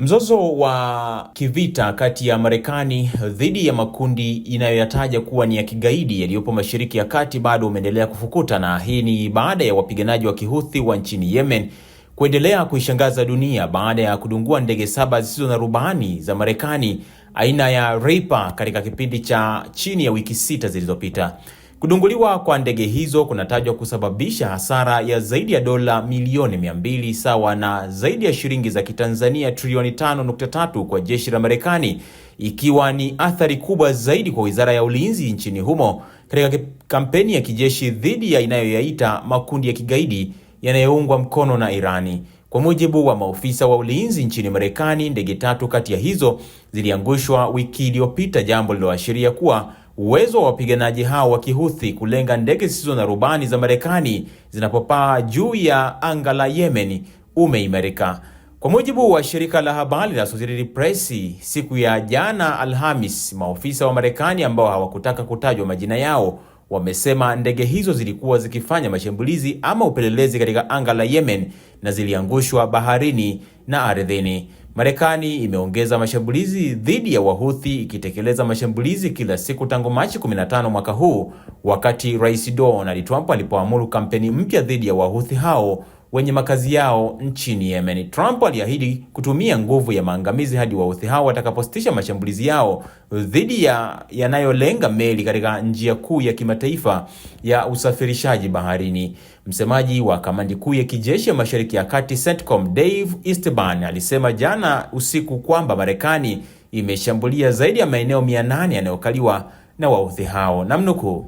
Mzozo wa kivita kati ya Marekani dhidi ya makundi inayoyataja kuwa ni ya kigaidi yaliyopo Mashariki ya Kati bado umeendelea kufukuta na hii ni baada ya wapiganaji wa Kihuthi wa nchini Yemen kuendelea kuishangaza dunia baada ya kudungua ndege saba zisizo na rubani za Marekani aina ya Reaper katika kipindi cha chini ya wiki sita zilizopita. Kudunguliwa kwa ndege hizo kunatajwa kusababisha hasara ya zaidi ya dola milioni 200 sawa na zaidi ya shilingi za Kitanzania trilioni 5.3 kwa jeshi la Marekani, ikiwa ni athari kubwa zaidi kwa Wizara ya Ulinzi nchini humo katika kampeni ya kijeshi dhidi ya inayoyaita makundi ya kigaidi yanayoungwa mkono na Irani. Kwa mujibu wa maofisa wa ulinzi nchini Marekani, ndege tatu kati ya hizo ziliangushwa wiki iliyopita, jambo lililoashiria kuwa Uwezo wa wapiganaji hao wa Kihuthi kulenga ndege zisizo na rubani za Marekani zinapopaa juu ya anga la Yemen umeimarika. Kwa mujibu wa shirika la habari la Associated Press, siku ya jana Alhamis, maofisa wa Marekani ambao hawakutaka kutajwa majina yao wamesema ndege hizo zilikuwa zikifanya mashambulizi ama upelelezi katika anga la Yemen na ziliangushwa baharini na ardhini. Marekani imeongeza mashambulizi dhidi ya Wahuthi ikitekeleza mashambulizi kila siku tangu Machi 15 mwaka huu, wakati Rais Donald Trump alipoamuru kampeni mpya dhidi ya Wahuthi hao wenye makazi yao nchini Yemen. Trump aliahidi kutumia nguvu ya maangamizi hadi Wahouthi hao watakapositisha mashambulizi yao dhidi ya yanayolenga meli katika njia kuu ya kimataifa ya usafirishaji baharini. Msemaji wa kamandi kuu ya kijeshi ya Mashariki ya Kati CENTCOM, Dave Eastburn alisema jana usiku kwamba Marekani imeshambulia zaidi ya maeneo 800 yanayokaliwa na Wahouthi hao. Namnukuu,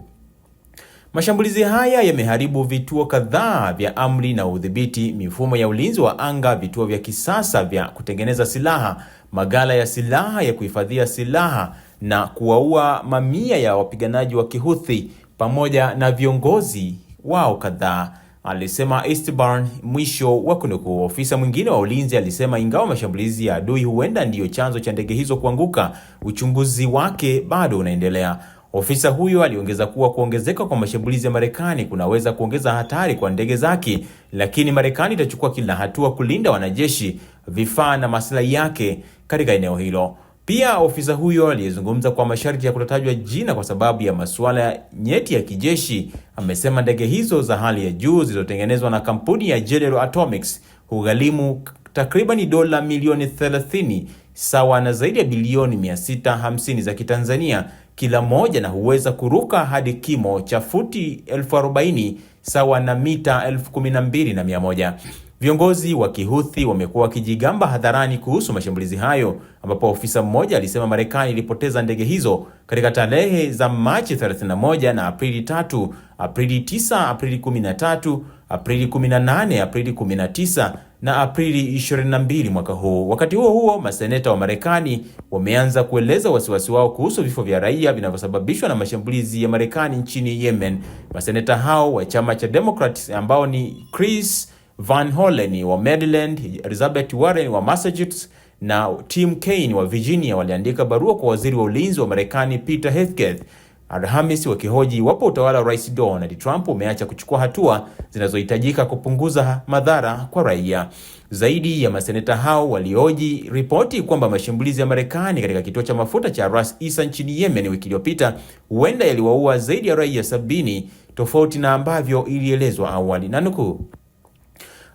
Mashambulizi haya yameharibu vituo kadhaa vya amri na udhibiti, mifumo ya ulinzi wa anga, vituo vya kisasa vya kutengeneza silaha, maghala ya silaha ya kuhifadhia silaha na kuwaua mamia ya wapiganaji wa Kihuthi pamoja na viongozi wao kadhaa, alisema Eastburn, mwisho wa kunukuu. Ofisa mwingine wa ulinzi alisema ingawa mashambulizi ya adui huenda ndiyo chanzo cha ndege hizo kuanguka, uchunguzi wake bado unaendelea. Ofisa huyo aliongeza kuwa kuongezeka kwa mashambulizi ya Marekani kunaweza kuongeza hatari kwa ndege zake, lakini Marekani itachukua kila hatua kulinda wanajeshi, vifaa na maslahi yake katika eneo hilo. Pia ofisa huyo aliyezungumza kwa masharti ya kutotajwa jina kwa sababu ya masuala nyeti ya kijeshi, amesema ndege hizo za hali ya juu zilizotengenezwa na kampuni ya General Atomics hugharimu takribani dola milioni 30 sawa na zaidi ya bilioni 650 za Kitanzania kila moja na huweza kuruka hadi kimo cha futi 40 sawa na mita elfu Viongozi wa Kihuthi wamekuwa wakijigamba hadharani kuhusu mashambulizi hayo, ambapo ofisa mmoja alisema Marekani ilipoteza ndege hizo katika tarehe za Machi 31 na Aprili 3, Aprili 9, Aprili 13 Aprili 18, Aprili 19 na Aprili 22 mwaka huu. Wakati huo huo, maseneta wa Marekani wameanza kueleza wasiwasi wao kuhusu vifo vya raia vinavyosababishwa na mashambulizi ya Marekani nchini Yemen. Maseneta hao wa chama cha Democrats ambao ni Chris Van Hollen wa Maryland, Elizabeth Warren wa Massachusetts na Tim Kaine wa Virginia waliandika barua kwa Waziri wa Ulinzi wa Marekani Peter Hegseth Alhamisi wakihoji iwapo utawala wa Rais Donald Trump umeacha kuchukua hatua zinazohitajika kupunguza madhara kwa raia. Zaidi ya maseneta hao walioji ripoti kwamba mashambulizi ya Marekani katika kituo cha mafuta cha Ras Isa nchini Yemen wiki iliyopita huenda yaliwaua zaidi ya raia sabini tofauti na ambavyo ilielezwa awali. Nanukuu,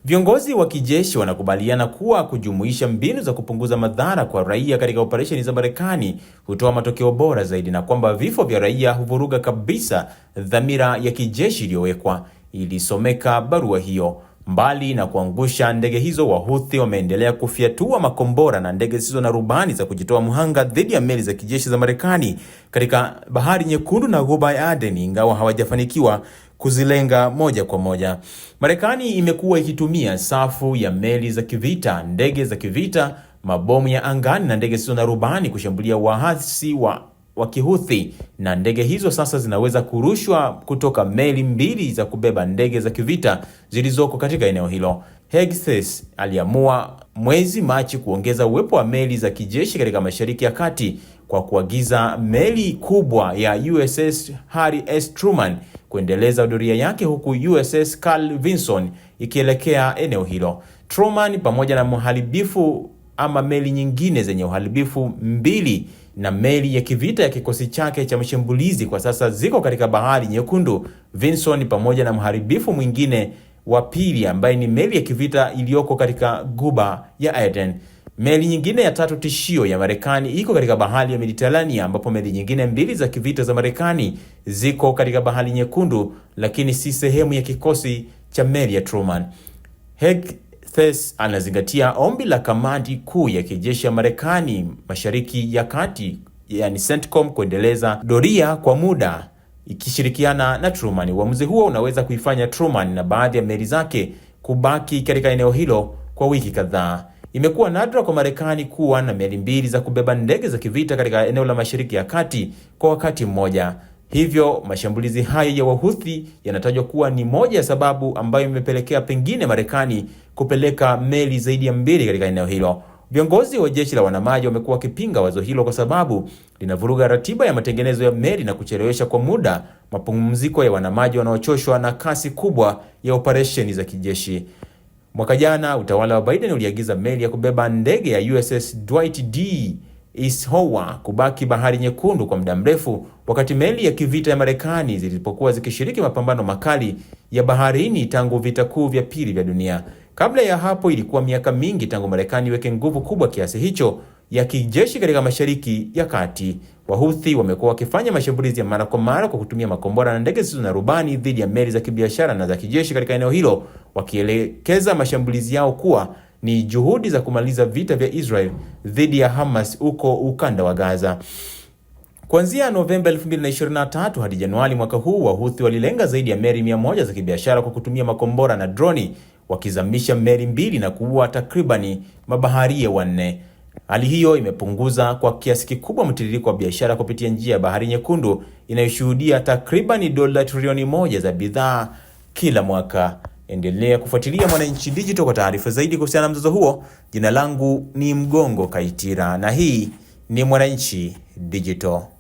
Viongozi wa kijeshi wanakubaliana kuwa kujumuisha mbinu za kupunguza madhara kwa raia katika operesheni za Marekani hutoa matokeo bora zaidi na kwamba vifo vya raia huvuruga kabisa dhamira ya kijeshi iliyowekwa, ilisomeka barua hiyo. Mbali na kuangusha ndege hizo, Wahuthi wameendelea kufyatua makombora na ndege zisizo na rubani za kujitoa mhanga dhidi ya meli za kijeshi za Marekani katika Bahari Nyekundu na Ghuba ya Aden, ingawa hawajafanikiwa kuzilenga moja kwa moja. Marekani imekuwa ikitumia safu ya meli za kivita, ndege za kivita, mabomu ya angani na ndege zisizo na rubani kushambulia waasi wa wa Kihuthi na ndege hizo sasa zinaweza kurushwa kutoka meli mbili za kubeba ndege za kivita zilizoko katika eneo hilo. Hegthes aliamua mwezi Machi kuongeza uwepo wa meli za kijeshi katika Mashariki ya Kati kwa kuagiza meli kubwa ya USS Harry S. Truman kuendeleza doria yake huku USS Carl Vinson ikielekea eneo hilo. Truman pamoja na mharibifu ama meli nyingine zenye uharibifu mbili na meli ya kivita ya kikosi chake cha mashambulizi kwa sasa ziko katika Bahari Nyekundu. Vinson pamoja na mharibifu mwingine wa pili ambaye ni meli ya kivita iliyoko katika guba ya Aden. Meli nyingine ya tatu tishio ya Marekani iko katika bahari ya Mediterania ambapo meli nyingine mbili za kivita za Marekani ziko katika bahari nyekundu, lakini si sehemu ya kikosi cha meli ya Truman. Hegthes anazingatia ombi la kamandi kuu ya kijeshi ya Marekani mashariki ya kati, yani CENTCOM, kuendeleza doria kwa muda ikishirikiana na Truman. Uamuzi huo unaweza kuifanya Truman na baadhi ya meli zake kubaki katika eneo hilo kwa wiki kadhaa. Imekuwa nadra kwa Marekani kuwa na meli mbili za kubeba ndege za kivita katika eneo la Mashariki ya Kati kwa wakati mmoja. Hivyo mashambulizi hayo ya Wahuthi yanatajwa kuwa ni moja ya sababu ambayo imepelekea pengine Marekani kupeleka meli zaidi ya mbili katika eneo hilo. Viongozi wa jeshi la wanamaji wamekuwa wakipinga wazo hilo kwa sababu linavuruga ratiba ya matengenezo ya meli na kuchelewesha kwa muda mapumziko ya wanamaji wanaochoshwa na kasi kubwa ya operesheni za kijeshi. Mwaka jana utawala wa Biden uliagiza meli ya kubeba ndege ya USS Dwight D. Eisenhower kubaki Bahari Nyekundu kwa muda mrefu, wakati meli ya kivita ya Marekani zilipokuwa zikishiriki mapambano makali ya baharini tangu vita kuu vya pili vya dunia. Kabla ya hapo, ilikuwa miaka mingi tangu Marekani iweke nguvu kubwa kiasi hicho ya kijeshi katika Mashariki ya Kati. Wahuthi wamekuwa wakifanya mashambulizi ya mara kwa mara kwa kutumia makombora na ndege zisizo na rubani dhidi ya meli za kibiashara na za kijeshi katika eneo hilo, wakielekeza mashambulizi yao kuwa ni juhudi za kumaliza vita vya Israel dhidi ya Hamas huko ukanda wa Gaza. Kuanzia Novemba 2023 hadi Januari mwaka huu, Wahuthi walilenga zaidi ya meli 100 za kibiashara kwa kutumia makombora na droni, wakizamisha meli mbili na kuua takribani mabaharia wanne. Hali hiyo imepunguza kwa kiasi kikubwa mtiririko wa biashara kupitia njia ya Bahari Nyekundu inayoshuhudia takriban dola trilioni moja za bidhaa kila mwaka. Endelea kufuatilia Mwananchi Digital kwa taarifa zaidi kuhusiana na mzozo huo. Jina langu ni Mgongo Kaitira na hii ni Mwananchi Digital.